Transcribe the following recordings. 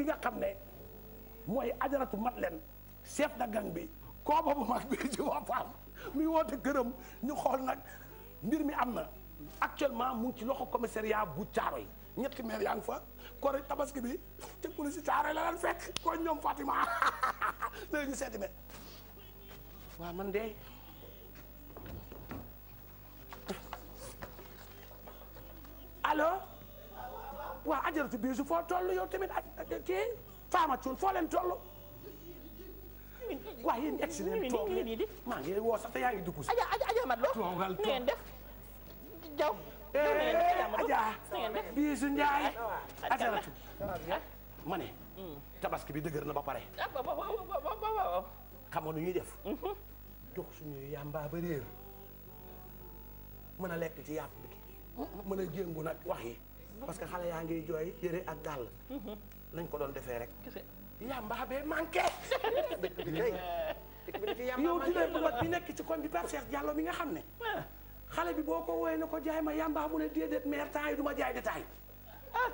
ki nga xam ne mooy ajaratu mat leen chef de gang bi kooba bu mag bi ci boppam mi woote këram ñu xool nag mbir mi am na actuellement mu ngi ci loxo commissariat bu caaro yi ñetti meer yaa ngi fa kori tabaski bi te police caaro yi la leen fekk ko ñoom Fatima léegi ñu seeti me waaw man de allo waaw ajaratu bii su foo toll yow tamit kii faama cuun foo leen toll waa yéen egg si leen toog maa ngi woo sax te yaa ngi dugg si aja aja aja tabaski bi dëgër na ba pare ah, xam nga nu ñuy def mhm. jox suñuy yàmbaa ba réer mën a lekk ci yàpp hmm. mën a jéngu nag wax yi parce que xale yaa ngi jooy yëre ak dàll nañ ko doon defee rek yàmbaa bee manqué dëkk bi kay yow dina bu mag bi nekk ci koñ bi par Cheikh Diallo mi nga xam ne ah. xale bi boo ko wooyee ne ko jaay ma yàmbaa mu ne déedéet maire temps yi du ma jaay détail ah,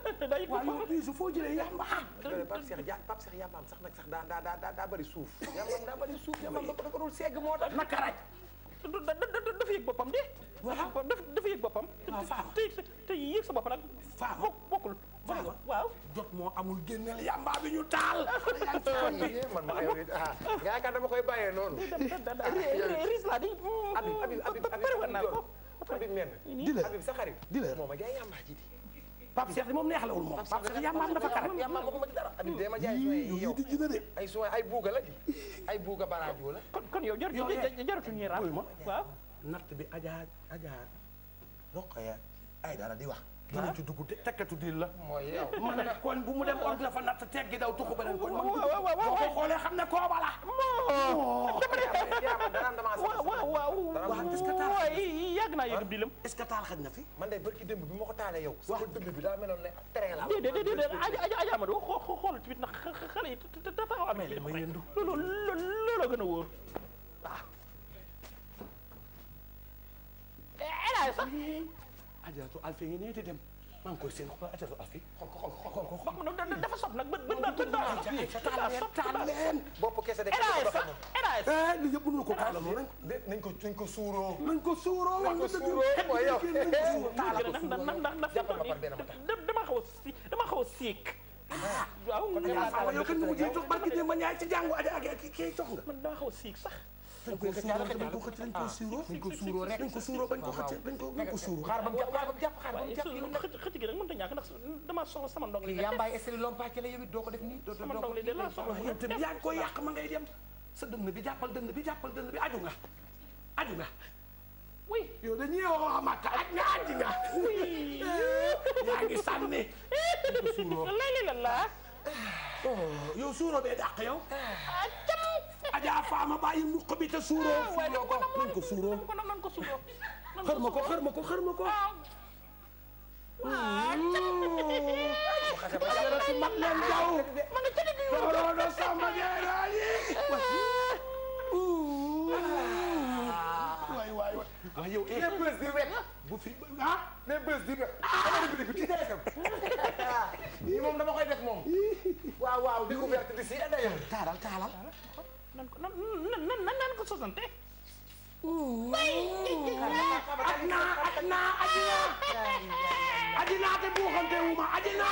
waaw yow jëlee yàmbaa ah. Pape Cheikh ja Pape Cheikh yàmbaam sax nag sax daa daa daa daa bëri suuf yàmbaam daa bëri moo tax nakaraj dafa boppam de faama bokk bokkul. faama waaw jot moo amul génneel yamba bi ñu taal. man ma yow it ah yaakaar dama koy bàyyee noonu. risque la di. Mm, Habib Habib Habib Habib mel di la sa di la moom a jaay moom neex la wul moom Pape Cheikh yambaam dafa kare. yambaam bokkuma ci dara. Habib dee ma jaay yow ay soins ay buuga la ay buuga baraajoo la. kon kon yow jaratu ñuy raam waaw natt bi ajaa Adja Adja Rokhaya ay dara de wax. dinañ ci dugg tekkatu diir la. mooy yow man nag kon bu mu dem or dafa natt teggi daw tuxu beneen kon. waaw waaw waaw boo ko xoolee xam ne kooba la. moo. waaw waaw waaw est-ce que taal yàgg naa yëg bilam. est-ce que taal xaj na fi. man de barki démb bi ma ko taalee yow. waaw sama dënn bi daa meloon ne terrain la. déedéet déedéet aja aja aja Amadou xoo xool tamit nag xale yi te te taxaw amee. mais ma yëndu loolu loolu gën a wóor waaw. Ah. Eh, ajaratu alfe ngi nii di dem maa ngi koy seen xool ajaratu alfe xool ko xool ko xool ko dafa sob nag bët bët bët taal leen bopp kese de eh li yëpp mënu ko taal loolu nañ ko nañ ko suuroo nañ ko suuroo wax nga dëgg mooy yow dama xaw a si dama xaw a siik waaw yow kan nga mujjee jox barki démb ñaay ci jàngu aja ak kii jox nga man dama xaw a siik sax dañ ko suuroo dañ ko xëcc dañ ko suuroo dañ ko suuroo rek dañ ko suuroo bañ ko xëcc dañ ko dañ ko suuroo xaar ba mu jàpp waaye ba mu jàpp xaar ba mu jàpp xëcc gi rek mënut a ñàkk ndax dama soxla sama ndong li yambaay essayé lompaacé la yow it doo ko def nii doo sama ndong li de laa soxla yow tamit yaa ngi koy yàq ma ngay dem sa dënn bi jàppal dënn bi jàppal dënn bi aju nga aju nga oui yow dañuy wax xamata aj nga aji nga yaa ngi sànni dañ ko suuroo la la la oh, yow suuroo bee dàq yow ah, yaa faama bàyyi mukk bi te suuroo. Ah, waaye nañ ko nañ ko suuroo nañ ko suuroo. xër ma ko xër ma ko xër ma ko. Ah. Ah, waaw yow eh mais bés di rek bu fi ah mais bés di rek. ah dama ci TFM. moom dama koy def moom. waaw waaw découverte bi si eh, taalal taalal. nan ko nan nan nan nan ko sosante. bay adina adina adina adina te buuxante wu ma adina.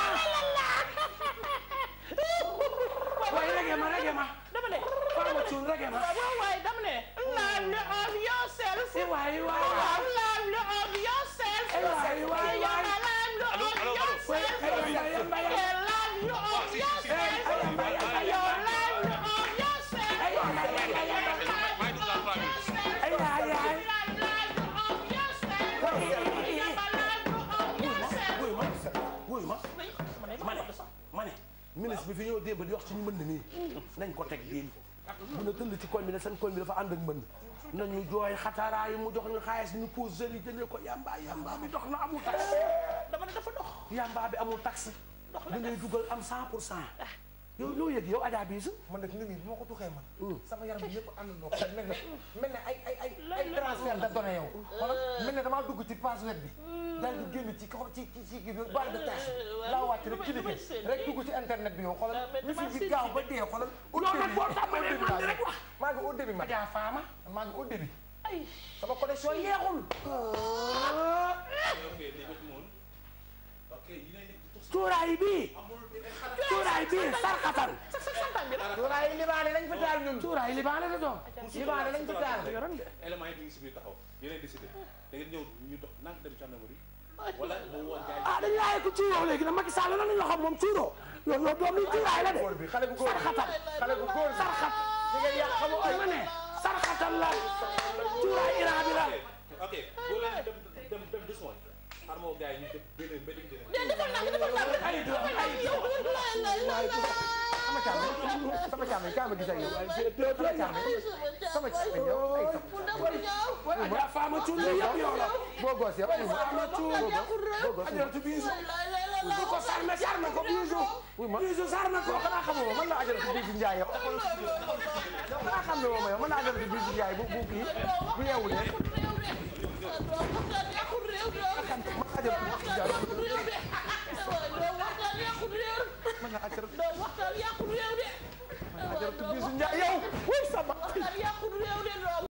waaye rege ma rege ma. dama ne faama cuun rege ma. waaw waay dama ne. learn of yourself. waay waay. learn of yourself. waay waay. bi fi ñëw démb di wax ci ñu mbënd nii nañ ko teg démb mu ne tëll ci koñ bi ne seen koñ bi dafa ànd ak mbënd nañu jooy xataraayu mu jox ñu xaalis ñu pose jeunes yi jëndee ko yamba yamba bi dox na amul taxe dama ne dafa dox yamba bi amul taxe da ngay dugal am 100 pour cent yow loo yëg yow Adja Bijou man nag nit ñi bu ma ko tuxee man hmm. sama yaram bi yëpp ànd noo ko mel ne mel ne ay ay ay ay transfert da donné yow wala hmm. mel ne damaa dugg ci passe web bi hmm. daal di génn ci kaw ci ci ci barre de tâche rek cliquer rek dugg ci internet bi yow xoolal wifi ah, bi gaaw ba dee xoolal au début maa ngi au début ma daa faama maa ngi au début ay sama connexion yeexul cuuraay bi cuuraay bi sarxatan cuuraay libaane lañ fa taal ñun cuuraay libaane la doon libaane lañ fa taal élément yi ñu ngi si biir taxaw yéen a décidé da ngeen ñëw ñu dox naan dem gendarmerie wala ah dañu laaye ko ciiroo léegi nag Macky Sall lan la ñu xam moom ciiroo loolu loolu doom li ciiraay la de. xale bu góor bi sarxatal xale bu góor bi sarxat. ñu ngi yàq xamu ay ma ne sarxatal la ciiraay Iran bi la. ok boo leen dem dem dem deux mois. xarmoo gars yi ñu def benn benn benn. càmmeñ sama càmmeñ kaay ma gis ak yow sama càmmeñ sama càmmeñ yow ay sax da faama tuul yëpp yow la boo goos yow faama tuul boo goos ajaratu biisu bu ko sar na sar na ko biisu biisu sar na ko xanaa xamoo man la ajaratu biisu njaay yow xanaa xam ne woo ma yow man la ajaratu biisu njaay bu bu kii bu yeewulee